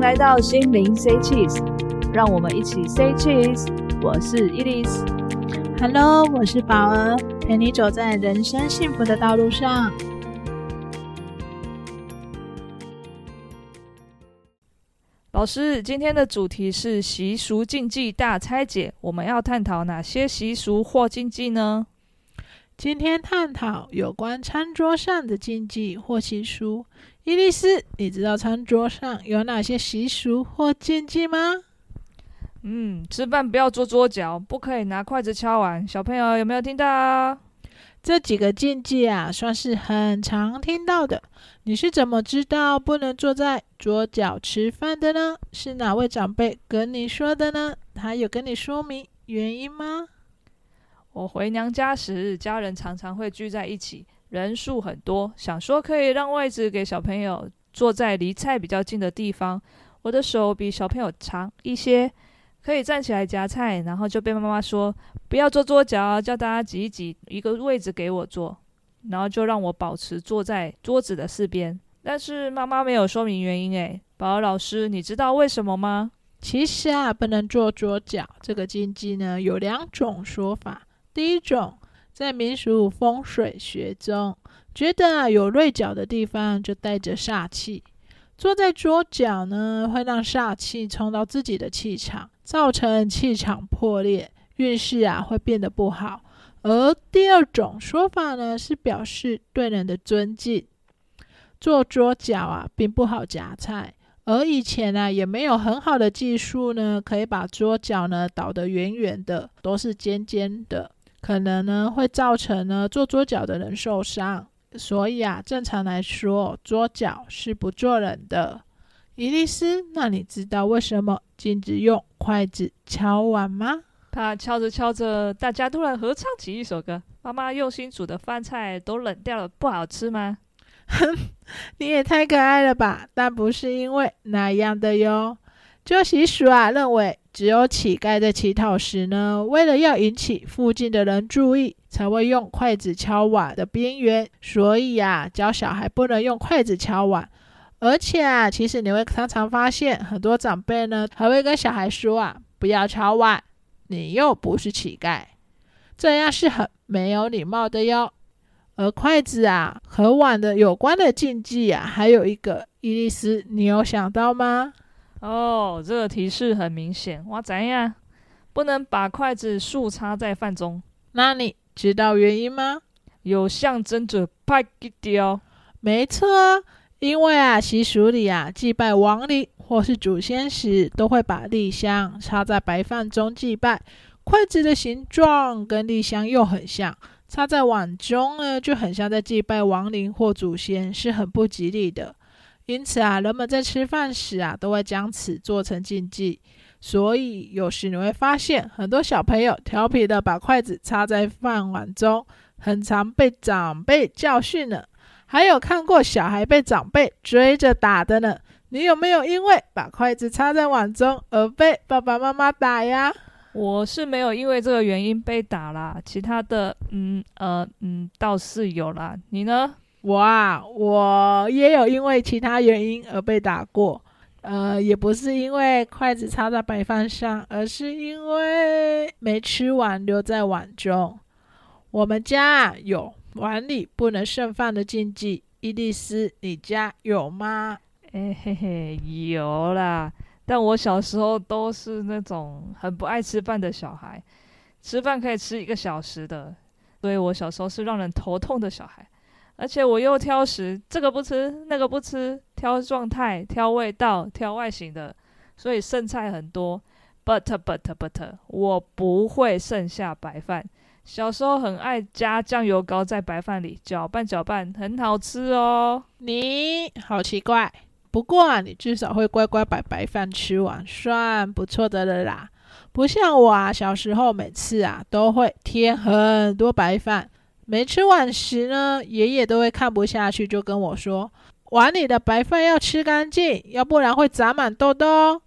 來到心靈 Say Cheese，讓我們一起 Say Cheese。我是伊莉絲。Hello，我是寶兒，陪你走在人生幸福的道路上。老師，今天的主題是習俗禁忌大拆解，我們要探討哪些習俗或禁忌呢？今天探討有關餐桌上的禁忌或習俗。伊莉絲，你知道餐桌上有哪些習俗或禁忌嗎？嗯，吃飯不要坐桌角，不可以拿筷子敲碗。小朋友有沒有聽到啊？這幾個禁忌啊，算是很常聽到的。你是怎麼知道不能坐在桌角吃飯的呢？是哪位長輩跟你說的呢？他有跟你說明原因嗎？我回娘家時，家人常常會聚在一起，人數很多。想說可以讓位置給小朋友坐在離菜比較近的地方。我的手比小朋友長一些，可以站起來夾菜，然後就被媽媽說不要坐桌角，叫大家擠一擠，一個位置給我坐，然後就讓我保持坐在桌子的四邊。但是媽媽沒有說明原因，誒，寶兒老師，你知道為什麼嗎？其實啊，不能坐桌角。這個禁忌呢，有兩種說法。第一種，在民俗風水學中，覺得啊，有銳角的地方就帶着煞氣，坐在桌角呢，會讓煞氣衝到自己的氣場，造成氣場破裂，運勢啊會變得不好。而第二種說法呢，是表示對人的尊敬，坐桌角啊並不好夾菜，而以前呢、啊、也沒有很好的技術呢可以把桌角呢倒得圓圓的，都是尖尖的。可能呢會造成呢坐桌角的人受傷，所以啊，正常來說，桌角是不坐人的。伊莉絲，那你知道為什麼禁止用筷子敲碗嗎？怕敲着敲着，大家突然合唱起一首歌。媽媽用心煮的飯菜都冷掉了，不好吃嗎？哼， 你也太可愛了吧！但不是因為那樣的喲。這習俗啊，認為只有乞丐在乞討時呢，為了要引起附近的人注意，才會用筷子敲碗的邊緣。所以啊，教小孩不能用筷子敲碗。而且啊，其實你會常常發現，很多長輩呢，還會跟小孩說啊，不要敲碗，你又不是乞丐，這樣是很沒有禮貌的喲。而筷子啊和碗的有關的禁忌啊，還有一個，伊莉絲，你有想到嗎？哦、oh，這個提示很明顯哇！怎樣，不能把筷子豎插在飯中？那你知道原因嗎？有象徵着拜祭掉。沒錯，啊，因為啊，習俗裡啊，祭拜亡靈或是祖先時，都會把立香插在白飯中祭拜。筷子的形狀跟立香又很像，插在碗中呢，就很像在祭拜亡靈或祖先，是很不吉利的。因此啊，人們在吃飯時啊，都會將此做成禁忌。所以有時你會發現，很多小朋友調皮的把筷子插在飯碗中，很常被長輩教訓呢。還有看過小孩被長輩追着打的呢。你有沒有因為把筷子插在碗中而被爸爸媽媽打呀？我是沒有因為這個原因被打啦。其他的，嗯，呃，嗯，倒是有啦。你呢？我啊，我也有因為其他原因而被打過，呃，也不是因為筷子插在白飯上，而是因為沒吃完留在碗中。我們家、啊、有碗裡不能剩飯的禁忌。伊麗絲，你家有嗎？誒、欸，嘿嘿，有啦。但我小時候都是那種很不愛吃飯的小孩，吃飯可以吃一個小時的，所以我小時候是讓人頭痛的小孩。而且我又挑食，這個不吃，那個不吃，挑狀態、挑味道、挑外形的，所以剩菜很多。But but but，我不會剩下白飯。小時候很愛加醬油膏在白飯裡攪拌攪拌，很好吃哦。你好奇怪，不過啊，你至少會乖乖把白飯吃完，算不錯的了啦。不像我啊，小時候每次啊都會添很多白飯。沒吃完時呢，爺爺都會看不下去，就跟我說：“碗裡的白飯要吃乾淨，要不然會長滿痘痘。”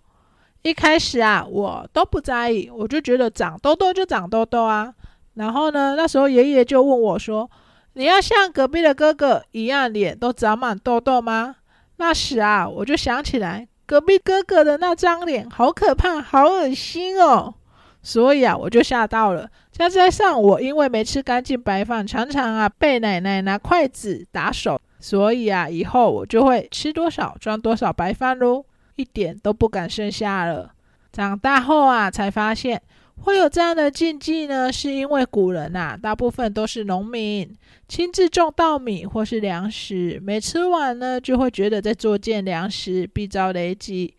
一開始啊，我都不在意，我就覺得長痘痘就長痘痘啊。然後呢，那時候爺爺就問我說：“你要像隔壁的哥哥一樣，臉都長滿痘痘嗎？”那時啊，我就想起來隔壁哥哥的那張臉好可怕，好噁心哦，所以啊，我就嚇到了。但在上午，因為沒吃乾淨白飯，常常啊被奶奶拿筷子打手，所以啊，以後我就會吃多少裝多少白飯咯，一點都不敢剩下了。長大後啊，才發現會有這樣的禁忌呢，是因為古人啊，大部分都是農民，親自種稻米或是糧食，沒吃完呢就會覺得在作踐糧食，必遭雷擊，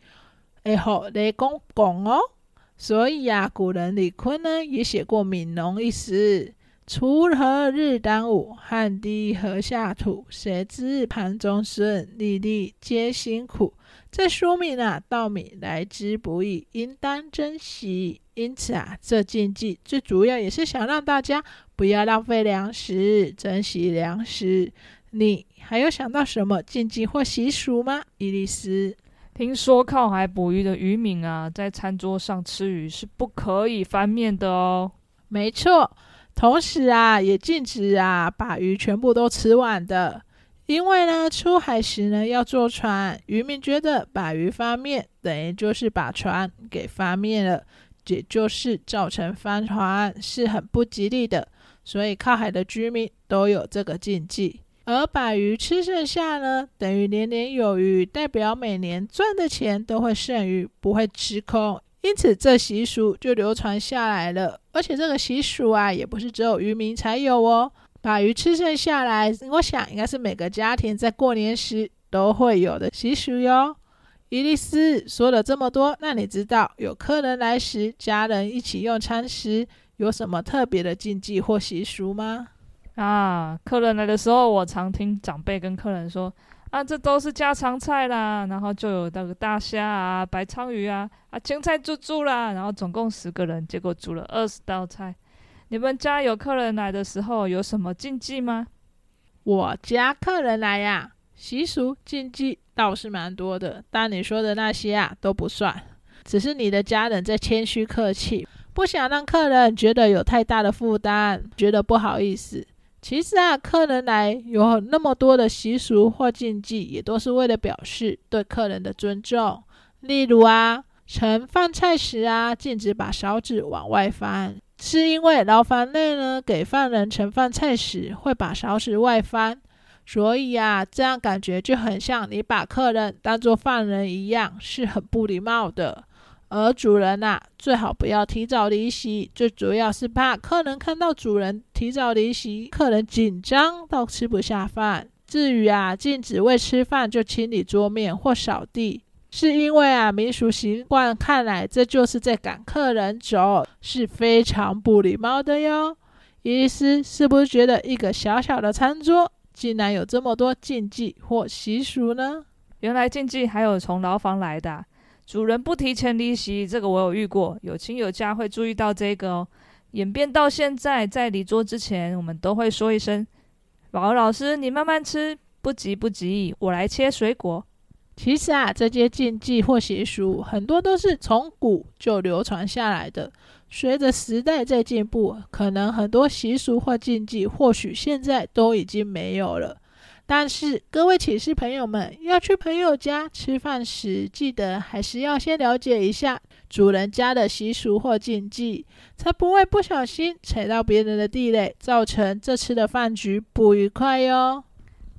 哎、欸，好雷公公哦。所以呀、啊，古人李坤呢也寫過《憫農》一詩：“鋤禾日當午，汗滴禾下土。誰知盤中餐，粒粒皆辛苦。”這說明啊，稻米來之不易，應當珍惜。因此啊，這禁忌最主要也是想讓大家不要浪費糧食，珍惜糧食。你還有想到什麼禁忌或習俗嗎，伊莉絲？聽說靠海捕魚的漁民啊，在餐桌上吃魚是不可以翻面的哦。沒錯，同時啊，也禁止啊把魚全部都吃完的，因為呢，出海時呢要坐船，漁民覺得把魚翻面，等於就是把船給翻面了，也就是造成翻船，是很不吉利的。所以，靠海的居民都有這個禁忌。而把魚吃剩下呢，等於年年有餘，代表每年賺的錢都會剩餘，不會吃空，因此這習俗就流傳下來了。而且這個習俗啊，也不是只有漁民才有哦，把魚吃剩下來，我想應該是每個家庭在過年時都會有的習俗喲。伊莉絲說了這麼多，那你知道有客人來時，家人一起用餐時有什麼特別的禁忌或習俗嗎？啊，客人來的時候，我常聽長輩跟客人說：“啊，這都是家常菜啦。”然後就有那個大蝦啊、白鯧魚啊、啊青菜豬豬啦，然後總共十個人，結果煮了二十道菜。你們家有客人來的時候有什麼禁忌嗎？我家客人來呀、啊，習俗禁忌倒是蠻多的，但你說的那些啊都不算，只是你的家人在謙虛客氣，不想讓客人覺得有太大的負擔，覺得不好意思。其實啊，客人來有那麼多的習俗或禁忌，也都是為了表示對客人的尊重。例如啊，盛飯菜時啊，禁止把勺子往外翻，是因為牢房內呢，給犯人盛飯菜時會把勺子外翻，所以啊，這樣感覺就很像你把客人當做犯人一樣，是很不禮貌的。而主人吶、啊，最好不要提早離席，最主要是怕客人看到主人提早離席，客人緊張到吃不下飯。至於啊，禁止未吃飯就清理桌面或掃地，是因為啊，民俗習慣看來，這就是在趕客人走，是非常不禮貌的喲。伊莉絲是不是覺得一個小小的餐桌竟然有這麼多禁忌或習俗呢？原來禁忌還有從牢房來的、啊。主人不提前離席，這個我有遇過。有親友家會注意到這個哦。演變到現在，在離桌之前，我們都會說一聲：“寶兒老師，你慢慢吃，不急不急，我來切水果。”其實啊，這些禁忌或習俗，很多都是從古就流傳下來的。隨着時代在進步，可能很多習俗或禁忌，或許現在都已經沒有了。但是，各位起司朋友們，要去朋友家吃飯時，記得還是要先了解一下主人家的習俗或禁忌，才不會不小心踩到別人的地雷，造成這次的飯局不愉快喲、哦。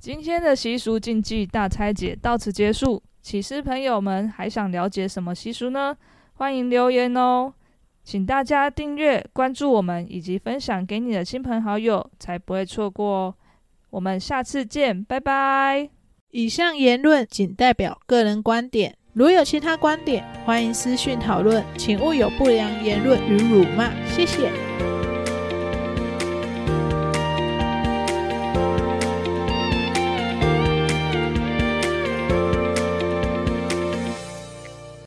今天的習俗禁忌大拆解到此結束，起司朋友們還想了解什麼習俗呢？歡迎留言哦。請大家訂閱、關注我們，以及分享給你的親朋好友，才不會錯過哦。我們下次見，拜拜。以上言論僅代表個人觀點，如有其他觀點，歡迎私訊討論，請勿有不良言論與辱罵。謝謝。